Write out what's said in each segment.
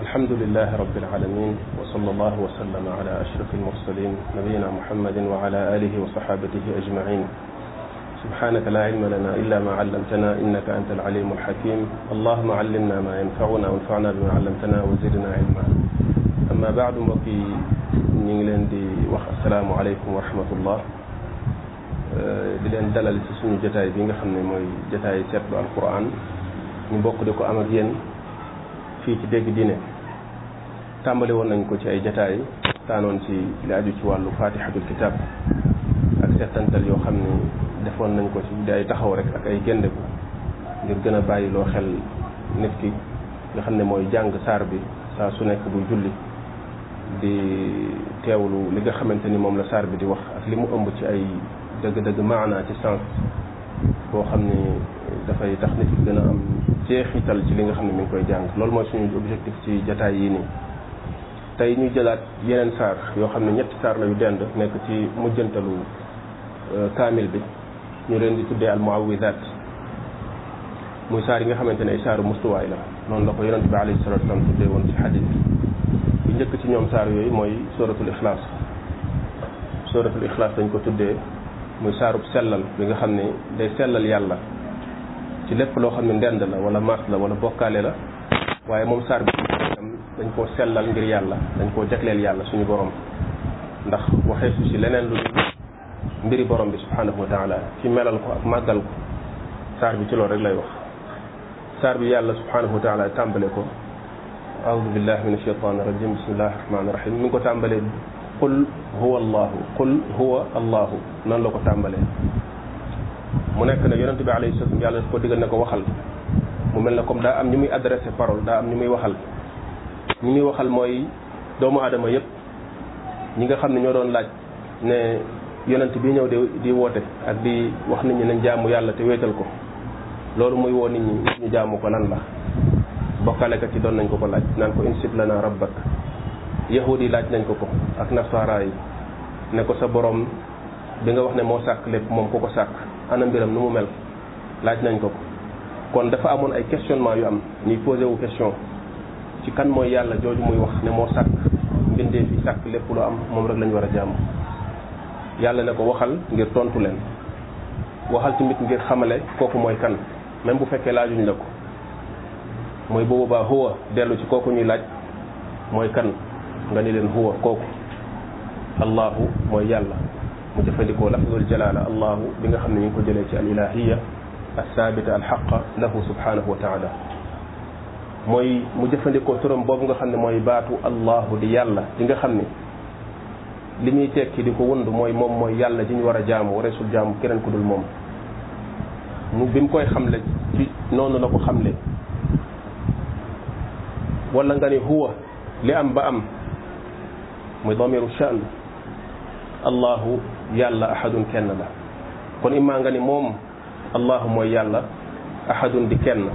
الحمد لله رب العالمين وصلى الله وسلم على أشرف المرسلين نبينا محمد وعلى آله وصحابته أجمعين سبحانك لا علم لنا إلا ما علمتنا إنك أنت العليم الحكيم اللهم علمنا ما ينفعنا وانفعنا بما علمتنا وزدنا علما أما بعد وفي نيغلين وخ السلام عليكم ورحمة الله بلين أه، leen dalal ci suñu jotaay bi nga xam ne mooy jotaay fii ci dégg diine tàmbali woon nañ ko ci ay jataay taanoon ci li aju ci wàllu faatixatul kitaab ak seetantal yoo xam ne defoon nañ ko ci di ay taxaw rek ak ay géndeku ngir gën a bàyyi loo xel nit ki nga xam ne mooy jàng saar bi saa su nekk buy julli di teewlu li nga xamante ni moom la saar bi di wax ak li mu ëmb ci ay dëgg-dëgg maanaa ci sens boo xam ne dafay tax nit ki gën a am jeexital ci li nga xam ne mi ngi koy jàng loolu mooy suñu objectif ci jataay yii nii tey ñu jëlaat yeneen saar yoo xam ne ñetti saar la yu dend nekk ci mujjantalu kaamil bi ñu leen di tuddee al muawidat muy saar yi nga xamante ne ay saaru mustuwaay la noonu la ko yonente bi alayhi salatu wasalam tuddee woon ci xadis bi bu njëkk ci ñoom saar yooyu mooy suratul ixlaas suratul ixlaas dañ ko tuddee muy saarub sellal bi nga xam ne day sellal yàlla ci lépp loo xam ne ndend la wala maas la wala bokkaale la waaye moom saar bi dañ koo sellal ngir yàlla dañ koo jagleel yàlla suñu borom ndax waxee su si leneen lu mbiri borom bi subhanahu wa taala ci melal ko ak màggal ko saar bi ci loolu rek lay wax saar bi yàlla subhanahu wa taala tàmbale ko aoudu billah min alshaitan rajim bismillah rahmani rahim mi ngi ko tàmbalee qul huwa allahu qul huwa allahu noonu la ko tàmbalee mu nekk ne yonente bi alayhi salaam yàlla daf ko digal ne ko waxal mu mel na comme daa am ñu muy adressé parole daa am ñu muy waxal ñu muy waxal mooy doomu aadama yépp ñi nga xam ne ñoo doon laaj ne yonent bi ñëw di di woote ak di wax nit ñi nañ jaamu yàlla te wéetal ko loolu muy woo nit ñi ñu jaamu ko lan la bokkale ka ci doon nañ ko ko laaj naan ko insib lana rabbak yahud yi laaj nañ ko ko ak nasaara yi ne ko sa boroom bi nga wax ne moo sàkk lépp moom ku ko sàkk ana mbiram nu mu mel laaj nañ ko ko kon dafa amoon ay questionnement yu am ñuy posé wu question ci kan mooy yàlla jooju muy wax ne moo sàkk mbindee fi sàkk lépp lu am moom rek la ñu war a jàmm yàlla ne ko waxal ngir tontu leen waxal tamit ngir xamale kooku mooy kan même bu fekkee laajuñ la ko mooy boobu baa huwa dellu ci kooku ñuy laaj mooy kan nga ni leen huwa kooku allahu mooy yàlla mu jëfandikoo lafdul jalaala allahu bi nga xam ne ñu ngi ko jëlee ci al ilahiya al saabita al xaqa lahu subhanahu wa taala mooy mu jëfandikoo turam boobu nga xam ne mooy baatu allahu di yàlla di nga xam ne li muy tekki di ko wund mooy moom mooy yàlla ji ñu war a jaamu wara sul jaamu keneen ku dul moom mu bi mu koy xamle ci noonu la ko xamle wala nga ni huwa li am ba am muy doomeeru shan allahu yàlla ahadun kenn la kon immaa nga ni moom allahu mooy yàlla ahadun di kenn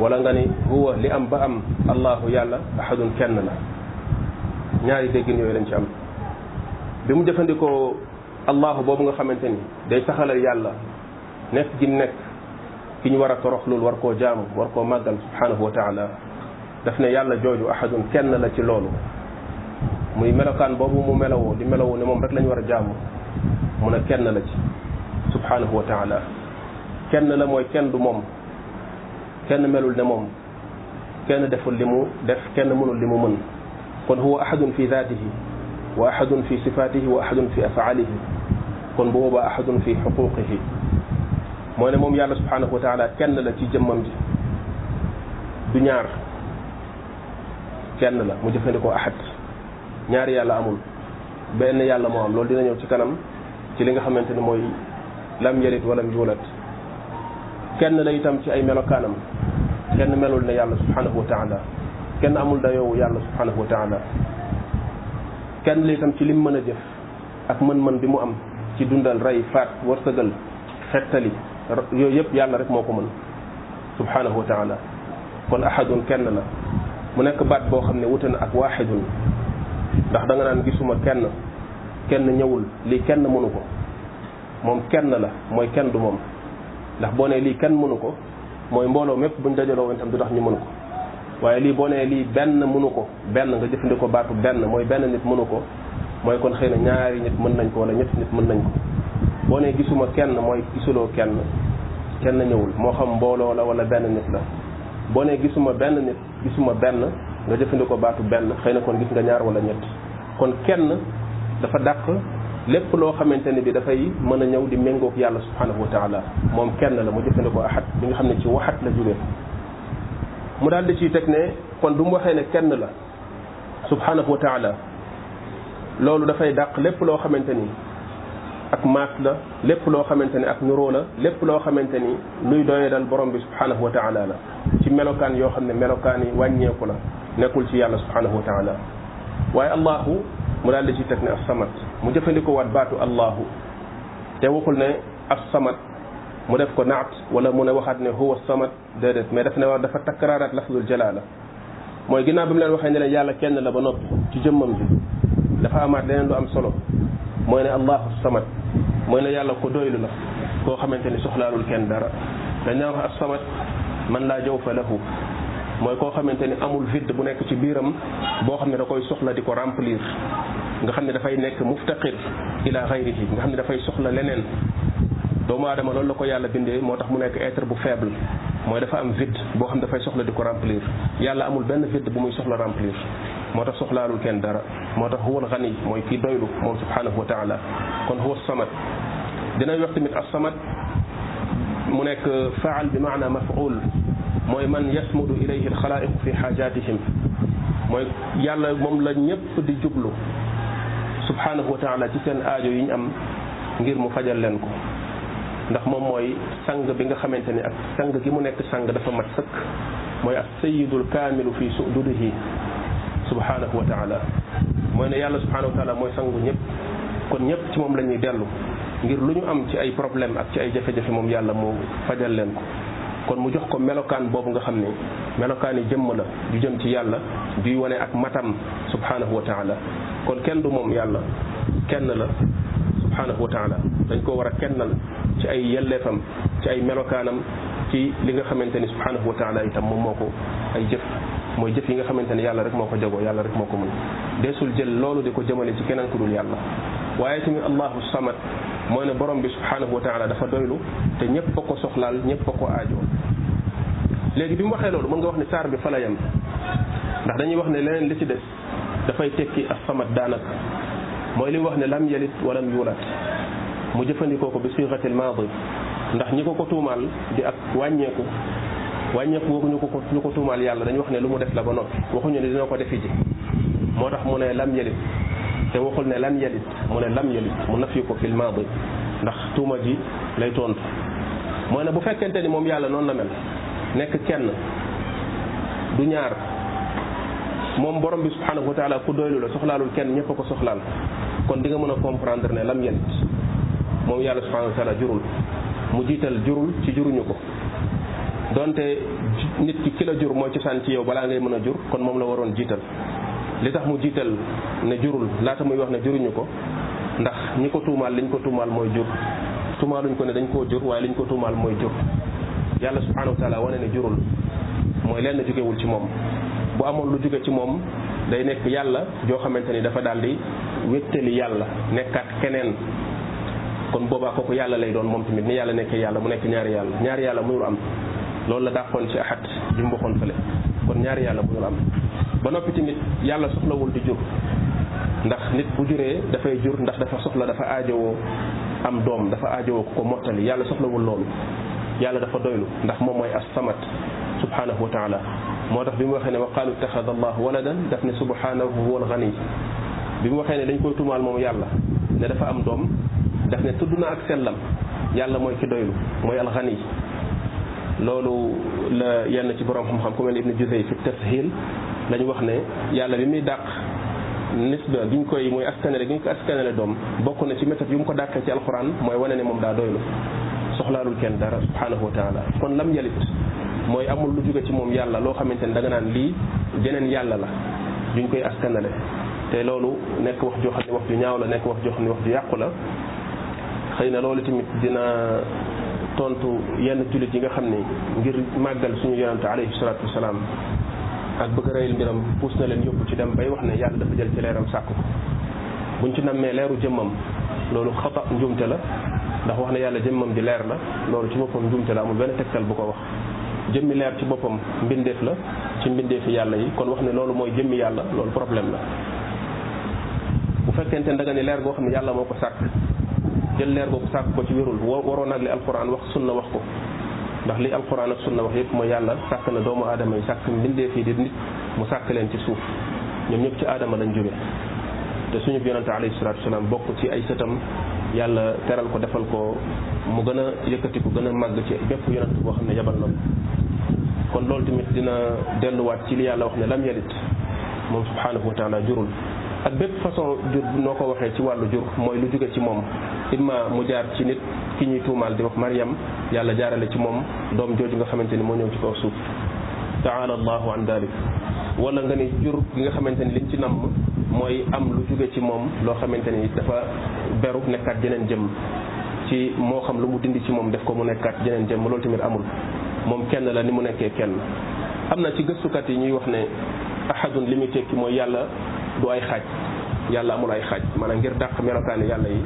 wala nga ni huwa li am ba am allahu yàlla ahadun kenn la ñaari déggin yooyu lañ ci am bi mu jëfandikoo allahu boobu nga xamante ni day saxalal yàlla nekk gi nekk ki ñu war a torox loolu war koo jaamu war koo màggal subhanahu wa taala daf ne yàlla jooju ahadun kenn la ci loolu muy melokaan boobu mu melawoo di melawoo ne moom rek lañ war a jaamu mu ne kenn la ci subhanahu wa taala kenn la mooy kenn du moom kenn melul ne moom kenn deful li mu def kenn mënul li mu mën kon huwa ahadun fi dhatihi wa ahadun fi sifatihi wa ahadun fi afaalihi kon bu boobaa ahadun fi xuquqihi mooy ne moom yàlla subhanahu wa taala kenn la ci jëmmam ji du ñaar kenn la mu jëfandikoo ahad ñaari yàlla amul benn yàlla moo am loolu dina ñëw ci kanam ci li nga xamante ni mooy lam yalit walam yuulat kenn la itam ci ay melokaanam kenn melul na yàlla subhanahu wa taala kenn amul dayoowu yàlla subhanahu wa taala kenn la itam ci lim mën a jëf ak mën-mën bi mu am ci dundal rey faat wërsëgal xettali yooyu yëpp yàlla rek moo ko mën subhanahu wa taala kon ahadun kenn la mu nekk baat boo xam ne wute na ak waaxidun ndax danga nga naan gisuma kenn kenn ñëwul lii kenn mënu ko moom kenn la mooy kenn du moom ndax boo nee lii kenn mënu ko mooy mbooloo mépp buñ dajaloo woon tam du tax ñu mënu ko waaye lii boo nee lii benn mënu ko benn nga jëfandikoo baatu benn mooy benn nit mënu ko mooy kon xëy na ñaari nit mën nañ ko wala ñetti nit mën nañ ko boo nee gisuma kenn mooy gisuloo kenn kenn ñëwul moo xam mbooloo la wala benn nit la boo nee gisuma benn nit gisuma benn nga jëfandikoo baatu benn xëy na kon gis nga ñaar wala ñett kon kenn dafa dàq lépp loo xamante ne bi dafay mën a ñëw di méngoog yàlla subhanahu wa taala moom kenn la mu jëfandikoo ahad bi nga xam ne ci waxat la jógee mu daal di ciy teg ne kon du mu waxee ne kenn la subhanahu wa taala loolu dafay dàq lépp loo xamante ni ak maat la lépp loo xamante ni ak ñuroo la lépp loo xamante ni luy dal borom bi subhanahu wa taala la ci melokaan yoo xam ne melokaan yi wàññeeku la nekkul ci yàlla subhanahu wa taala waaye allahu mu daal di ci teg ne ab samad mu jëfandikoo waat baatu allahu te waxul ne as-samad mu def ko naat wala mu ne waxaat ne huwa samad déedéet mais daf ne wax dafa takkaraaraat lafzul jalaala mooy ginnaaw bi mu leen waxee ne leen yàlla kenn la ba noppi ci jëmmam bi dafa amaat leneen lu am solo mooy ne allahu samad mooy ne yàlla ko doylu la koo xamante ni soxlaalul kenn dara dañ daan wax as-samad man laa jawfa lahu moy ko xamanteni amul vide bu nek ci biram bo xamne da koy soxla diko remplir nga xamne da fay nek muftaqir ila ghayrihi nga xamne da fay soxla lenen do mo adama loolu la ko yàlla binde motax mu nek être bu faible mooy dafa am vide bo xamne da fay soxla diko remplir yàlla amul ben vide bu muy soxla remplir motax soxla lu ken dara motax huwa al-ghani moy kii doylu mo subhanahu wa taala kon huwa as samad dina wax tamit as samad mu nek faal bi ma'na maf'ul moy man yasmudu ilayhi al-khalaiq fi hajatihim moy yàlla mom la ñëpp di jublu subhanahu wa taala ci sen aajo yi ñu am ngir mu fajal len ko ndax mom moy sang bi nga xamanteni ak sang gi mu nekk sang dafa mat sëkk moy ak sayyidul kamil fi sududihi subhanahu wa taala moy ne yàlla subhanahu wa taala moy sangu ñëpp kon ñëpp ci mom lañuy delu ngir luñu am ci ay problème ak ci ay jafe-jafe mom yàlla mo fajal len ko kon mu jox ko melokaan boobu nga xam ne melokaan yi jëmm la ju jëm ci yàlla juy wane ak matam subhanahu wa taala kon kenn du moom yàlla kenn la subhanahu wa taala dañ koo war a kennal ci ay yelleefam ci ay melokaanam ci li nga xamante ni subhanahu wa taala itam moom moo ko ay jëf mooy jëf yi nga xamante ne yàlla rek moo ko jagoo yàlla rek moo ko mën deesul jël loolu di ko jëmale ci keneen ku dul yàlla waaye tamit allahu samad mooy ne borom bi subhaanahu wa taala dafa doylu te ñëpp a ko soxlaal ñëpp a ko aajoo léegi bi mu waxee loolu mën nga wax ni saar bi fa yem ndax dañuy wax ne leneen li ci des dafay tekki as-samad daanaka mooy li mu wax ne lam yalit walam yulat mu jëfandikoo ko bi siixatil maadi ndax ñi ko ko tuumaal di ak wàññeeku wàññeeku boobu ñu ko ko ñu ko tuumaal yàlla dañu wax ne lu mu def la ba noppi waxuñu ne dina ko defi ji moo tax mu ne lam te waxul ne lam yalit mu ne lam yalit mu nafi ko fil maadi ndax tuuma ji lay tontu mooy ne bu fekkente ni moom yàlla noonu na mel nekk kenn du ñaar moom borom bi subhanahu wa taala ku doylu la soxlaalul kenn ñëpp a ko soxlaal kon di nga mën a comprendre ne lam yalit moom yàlla subhanahu wa jurul mu jiital jurul ci juruñu ko doonte nit ki ki la jur mooy cosaan ci yow balaa ngay mën a jur kon moom la waroon jiital li tax mu jiital ne jurul laata muy wax ne juruñu ko ndax ñi ko tuumaal liñ ko tuumaal mooy jur tuumaaluñ ko ne dañ koo jur waaye liñ ko tuumaal mooy jur yàlla subhanahu wa taala wane ne jurul mooy lenn jógewul ci moom bu amoon lu jóge ci moom day nekk yàlla joo xamante ni dafa daal di wéttali yàlla nekkaat keneen kon boobaa kooku yàlla lay doon moom tamit ni yàlla nekkee yàlla mu nekk ñaari yàlla ñaari yàlla mënul am loolu la dàqoon ci axat bi kon ñaari yàlla mënul am ba noppi tamit yàlla soxlawul di jur ndax nit bu juree dafay jur ndax dafa soxla dafa aajowoo am doom dafa aajowoo ku ko mottali yàlla soxlawul loolu yàlla dafa doylu ndax moom mooy as-samad subhanahu wa taala moo tax bi mu waxee ne wa qaalu ittaxada allahu waladan daf ne subhanahu wa alxani bi mu waxee ne dañ koy tumaal moom yàlla ne dafa am doom daf ne tudd na ak sellam yàlla mooy ki doylu mooy alxani loolu la yenn ci borom xam-xam ku mel ibn ibnu jusey fi tashil lañu wax ne yàlla bi muy dàq nisba gi ñu koy mooy askanale gi ñu ko askanale doom bokk na ci méthode yu mu ko dàqee ci alxuraan mooy wane ne moom daa doylu soxlaalul kenn dara subhaanahu wa kon lam yalit mooy amul lu jóge ci moom yàlla loo xamante ne da naan lii geneen yàlla la duñ koy askanale te loolu nekk wax jox xam ne wax ju ñaaw la nekk wax joo xam ne wax ju yàqu la xëy na loolu tamit dina tontu yenn jullit yi nga xam ne ngir màggal suñu yonante alayhi salaatu wasalaam ak bëgg a rëyal mbiram puus na leen yóbbu ci dem bay wax ne yàlla dafa jël ci leeram bu ñu ci nammee leeru jëmmam loolu xata njuumte la ndax wax ne yàlla jëmmam di leer la loolu ci boppam njuumte la amul benn tegtal bu ko wax jëmmi ci boppam mbindeef la ci mbindeefi yàlla yi kon wax ne loolu mooy jëmmi yàlla loolu problème la bu fekkente ne da ni leer goo xam ne yàlla moo ko sàkk jël leer googu sàkk ko ci wérul waroon ak li alquran wax sunna wax ko ndax li alquran ak sunna wax yëpp mooy yàlla sàkk na doomu aadama yi sàkk mbindeef yi di nit mu sàkk leen ci suuf ñoom ñëpp ci aadama lañ jóge te suñu yonante alayhi salaatu wasalaam bokk ci ay sëtam yàlla teral ko defal ko mu gën a yëkkatiku gën a màgg ci bépp yonante boo xam ne yabal na kon loolu tamit dina delluwaat ci li yàlla wax ne lam yalit moom subhaanahu wa taala jurul ak bépp façon jur noo ko waxee ci wàllu jur mooy lu jóge ci moom imma mu jaar ci nit ki ñuy tuumaal di wax Mariam yàlla jaarale ci moom doom jooju nga xamante ni moo ñëw ci kaw suuf taala allahu an dalik nga ni jur gi nga xamante ni liñ ci namm mooy am lu jóge ci moom loo xamante ni dafa beru nekkaat jeneen jëm ci moo xam lu mu dindi ci moom def ko mu nekkaat jeneen jëmm loolu tamit amul moom kenn la ni mu nekkee kenn am na ci gëstukat yi ñuy wax ne ahadun li mu tekki mooy yàlla du ay xaaj yàlla amul ay xaaj maanaam ngir dàq melokaane yàlla yi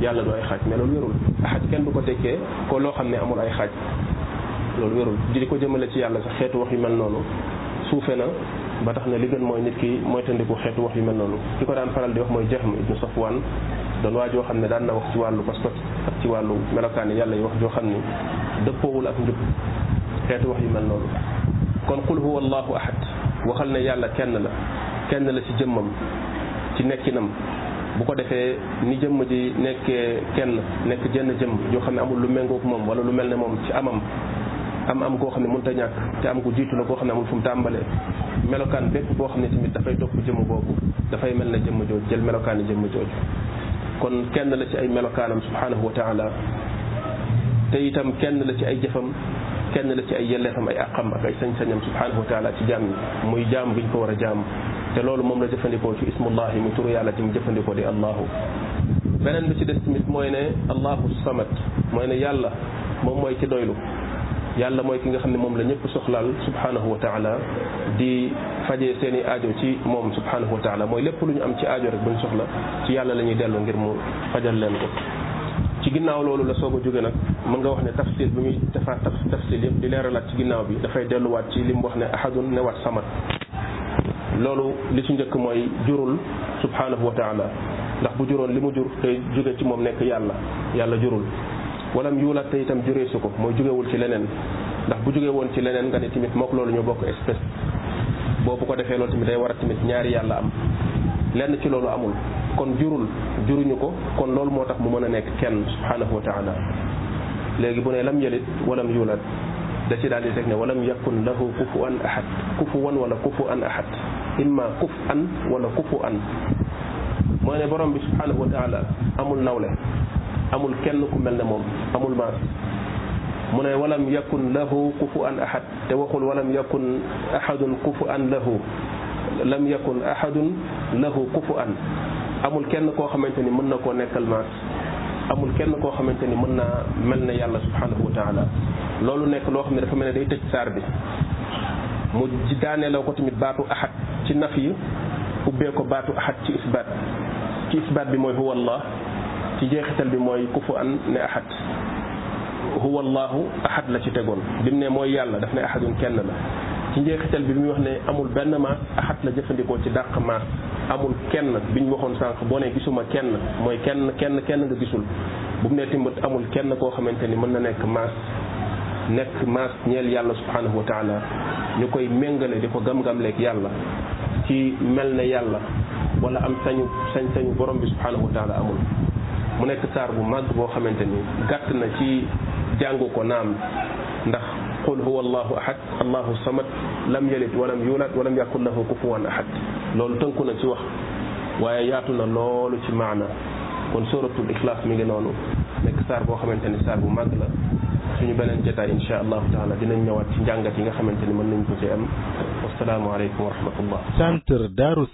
yàlla du ay xaaj mais loolu wérul xaaj kenn du ko tekkee ko loo xam ne amul ay xaaj loolu wérul di ko jëmale ci yàlla sax xeetu wax yu mel noonu suufe na ba tax na li gën mooy nit ki mooy xeetu wax yu mel noonu ki ko daan faral di wax mooy Jahm ibnu Safwan doon waa joo xam ne daan na wax ci wàllu pas ci wàllu melokaane yàlla yi wax joo xam ni dëppoowul ak xeetu wax yu mel noonu kon qul huwa allahu ahad waxal ne yàlla kenn la kenn la ci jëmmam ci nekkinam bu ko defee ni jëmm ji nekkee kenn nekk jenn jëmm yoo xam ne amul lu méngook moom wala lu mel ne moom ci amam am am goo xam ne mënut a ñàkk te am gu jiitu la goo xam ne amul fu mu tàmbalee melokaan bépp boo xam ne tamit dafay topp jëmm boobu dafay mel ne jëmm jooju jël melokaan yi jëmm jooju kon kenn la ci ay melokaanam subhanahu wa taala te itam kenn la ci ay jëfam kenn la ci ay yelleefam ay àqam ak ay sañ-sañam subhanahu wa taala ci jaam yi ñu ko war a jaam te loolu moom la jëfandikoo ci ismullahi mu turu yàlla tim jëfandikoo di allahu beneen bi ci des tamit mooy ne allahu samad mooy ne yàlla moom mooy ki doylu yàlla mooy ki nga xam ne moom la ñëpp soxlaal subhanahu wa di fajee seen i aajo ci moom subhanahu wa taala mooy lépp lu ñu am ci aajo rek buñ soxla ci yàlla la ñuy dellu ngir mu fajal leen ko ci ginnaaw loolu la soo ko jógee nag mën nga wax ne tafsil bu muy defaat tafsil yëpp di leeralaat ci ginnaaw bi dafay delluwaat ci li mu wax ne ahadun newaat samad loolu li ci njëkk mooy jurul subhanahu wa taala ndax bu juróon li mu jur tey jóge ci moom nekk yàlla yàlla jurul walam yuulat te itam juree ko mooy jógewul ci leneen ndax bu jóge woon ci leneen nga ne tamit mook loolu ñoo bokk espèce boobu ko defee loolu tamit day war a tamit ñaari yàlla am lenn ci loolu amul kon jurul juruñu ko kon loolu moo tax mu mën a nekk kenn subhanahu wa taala léegi bu nee lam yalit walam yuulat da ci daal di teg ne walam yakun lahu kufuwan ahad kufuwan wala kufuwan ahad إما كفءا ولا كفوا ما أنا برام سبحانه وتعالى أمل نولة أمل كنكم من لمن أمل ما من ولم يكن له أن أحد توخل ولم يكن أحد أن له لم يكن أحد له كفوا أمل كنكم خمنتني من نكون نكل ما amul kenn koo xamante ni mën naa mel na yàlla subhanahu wa taala loolu nekk loo xam ne dafa mel ci naf yi ubbee ko baatu ahad ci isbaat ci isbaat bi mooy huwa allah ci jeexital bi mooy kufu an ne ahad huwa allahu ahad la ci tegoon bi mu ne mooy yàlla daf ne ahadun kenn la ci njeexital bi bi muy wax ne amul benn maas ahad la jëfandikoo ci dàq maas amul kenn bi ñu waxoon sànq boo ne gisuma kenn mooy kenn kenn kenn nga gisul bu mu ne timbat amul kenn koo xamante ni mën na nekk maas nekk maas ñeel yàlla subhanahu wa taala ñu koy méngale di ko gam-gamleeg yàlla ci mel ne yàlla wala am sañu sañ-sañu borom bi subhanahu wa taala amul mu nekk saar bu màgg boo xamante ni gàtt na ci jàngu ko naam ndax qul huwa allahu ahad allahu samad lam yalid walam yulad walam yakun lahu kufuwan ahad loolu tënku na ci wax waaye yaatu na loolu ci maana kon suratul ikhlas mi ngi noonu nekk saar boo xamante ni saar bu màgg la suñu beneen jotaay insha allahu taala dinañ ñëwaat ci njàngat yi nga xamante ni mën nañ ko ci am alaykum wa rahmatullah centre daaru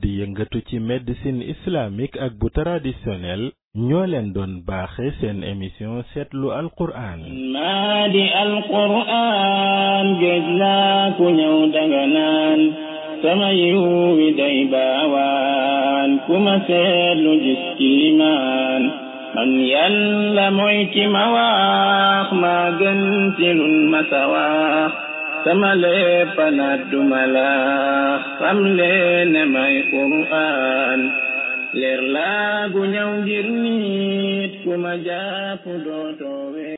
di yëngatu ci médecine islamique ak bu traditionnel ñoo leen doon baaxe seen émission seetlu alquran Ma di alquran géej naa ku ñëw danga naan sama yiw wi day baawaan ku ma seetlu gis ci limaan man yàlla mooy ki ma waax maa gën ci lun ma sa waax සමලේපන දුමලා සම්ලේනමයි කුර්ආන් ලර්ලා ගුණම් ජිර්නීත් කුමජා පුදෝතෝවේ